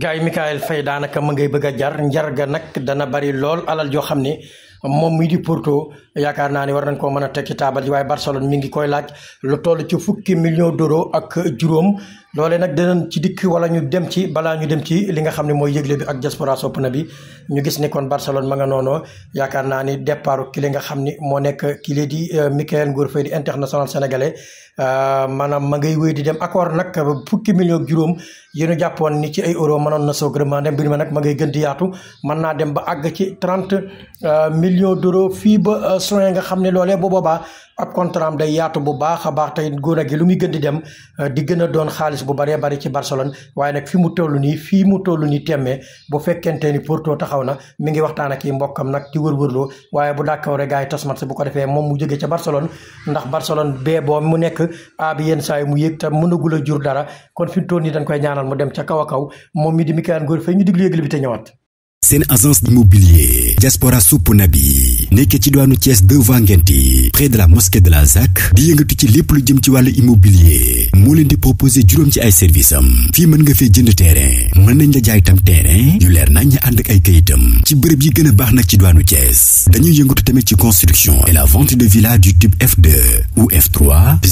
gaay Mikayel fay daanaka ma ngay bëgg a jar njar ga nag dana bari lool alal joo xam ne moom mii di Porto yaakaar naa ne war nañ koo mën a teg ci taabal ji waaye Barcelone mi ngi koy laaj lu toll ci fukki million d'euros ak juróom loolee nag dinañ ci dikk wala ñu dem ci balaa ñu dem ci li nga xam ne mooy yëgle bi ak diaspora sopp na bi ñu gis ni kon Barcelone ma nga noonu yaakaar naa ni départ ki li nga xam ni moo nekk ki li di euh, Mikayil Ngor Faye di international sénégalais euh, maanaam ma ngay wéy di dem accord nag fukki million ak juróom yi ñu jàppoon ni ci ay euro mënoon na soog vraiment dem mbir ma nag ma ngay gën di yaatu man naa dem ba àgg ci trente euh, millions millions d'euros fii ba euh, soin nga xam ne loolee bu boobaa ab contrat day yaatu bu baax a baax tey góor gi lu muy gën di dem euh, di gën a doon xaalis bu baree bari ci Barcelone waaye nag fi mu toll nii fii mu toll nii temmee bu fekkente ni Porto taxaw na mi ngi waxtaan ak yi mbokkam nag di wërwërloo waaye bu dàkkawre rek gars yi tas match bu ko defee moom mu jóge ca Barcelone ndax Barcelone bee boo mu nekk a bi yenn saa yi mu yëg te mënagul a jur dara kon fi mu toll nii dañ koy ñaanal mu dem ca kaw a kaw moom mi di Mikayil Ngor fay ñu diglu yëgle bi te ñëwaat seen agence immobilier diaspora suppuna bi nekkee ci diwaanu Thiès devant Ngenti près de la mosquée de la ZAC di yëngatu ci lépp lu jëm ci wàllu immobilier moo leen di proposer juróom ci ay services am fii mën nga fee jënd terrain mën nañ la jaay tam terrain yu leer nañ ñu ànd ak ay kayitam ci bërëb yi gën a baax nag ci diwaanu Thiès dañuy yëngatu tamit ci construction et la vente de villas du type F2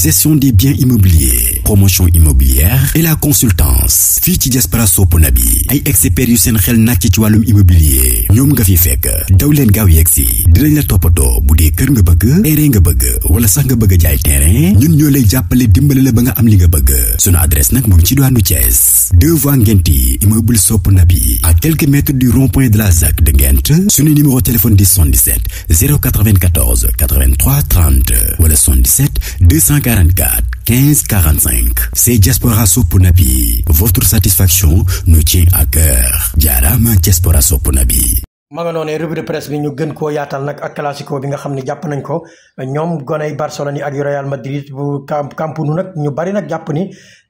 gestion des biens immobiliers promotion immobilière et la consultance fii ci diaspora suppuna bi ay seen xel nàcc ci wàllum immobilier ñoom nga fi fekk daw leen gaaw yegg si dinañ la toppatoo bu dee kër nga bëgg terrain nga bëgg wala sax nga bëgg jaay terrain ñun ñoo lay jàppale dimbale la ba nga am li nga bëgg sunu adresse nag mu ngi ci doonu Thiès deux voies Ngenti immeuble Sopp Nabi à quelques mètres du rond-point de la ZAC de Ngent sunu numéro téléphone di 77 094 83 30 wala 77 244 15 45 c'est Diaspora Sopp Nabi votre satisfaction nous tient à cœur jaaraama Diaspora sopp na bi ma nga noonee revue de presse bi ñu gën koo yaatal nag ak classico bi nga xam ne jàpp nañ ko ñoom goney Barcelone yi ak nag ñu bari ni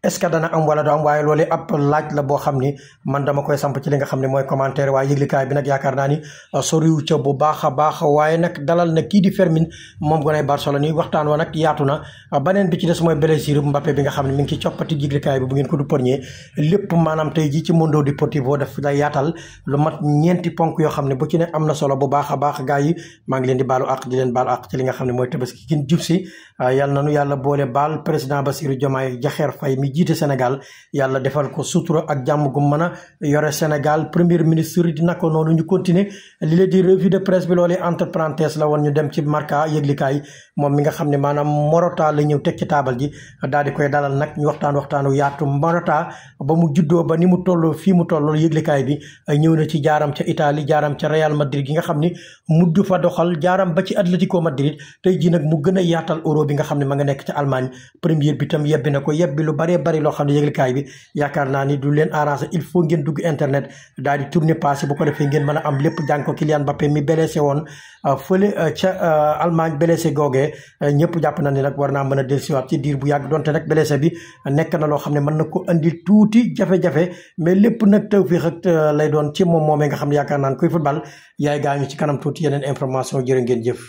est-ce que dana am wala du am waaye loolu ab laaj la boo xam ni man dama koy samp ci li nga xam ne mooy commentaire waaye yëglikaay bi nag yaakaar naa ni uh, soriwu ca baax a baax waaye nag dalal na kii di Fermin moom goney Barcelone yi waxtaan wa nag yaatu na uh, baneen bi ci des mooy blessure Mbappé bi nga xam ne mi ngi ci coppati yëglikaay bi bu ngeen ko du yoo xam ne bu ci ne am na solo bu baax a baax gars yi maa ngi leen di baalu àq di leen baalu àq ci li nga xam ne mooy tabaski gin jub si yàlla nanu yàlla boole baal président Bassirou Diomaye Diakhar Faye mi jiite Sénégal yàlla defal ko sutura ak jàmm gu mën a yore Sénégal premier ministre dina noonu ñu continuer li leen di revue de presse bi loolee entre la woon ñu dem ci marka yëglikaay moom mi nga xam ne maanaam Morata la ñëw teg ci taabal ji daal di koy dalal nag ñu waxtaan waxtaanu yaatu Morata ba mu juddoo ba ni mu toll fii mu toll yëglikaay bi ñëw na ca Madrid nga xam ni mujj fa doxal jaaram ba Atlético Madrid tey ji mu gën a yaatal euro bi nga xam ne ma nga nekk ca Allemagne première bi tam na ko yebbi lu baree bari loo ne ko defee a am lépp euh, euh, euh, na ni nag war naa mën a dellusiwaat ci diir bu yàgg tuuti jafe-jafe mais lépp nag tawfiix ak lay doon ci moom moomee nga xam ne yaakaar naa koy fa bal yaay gaañu ci kanam tuuti yeneen information jërë ngeen jëf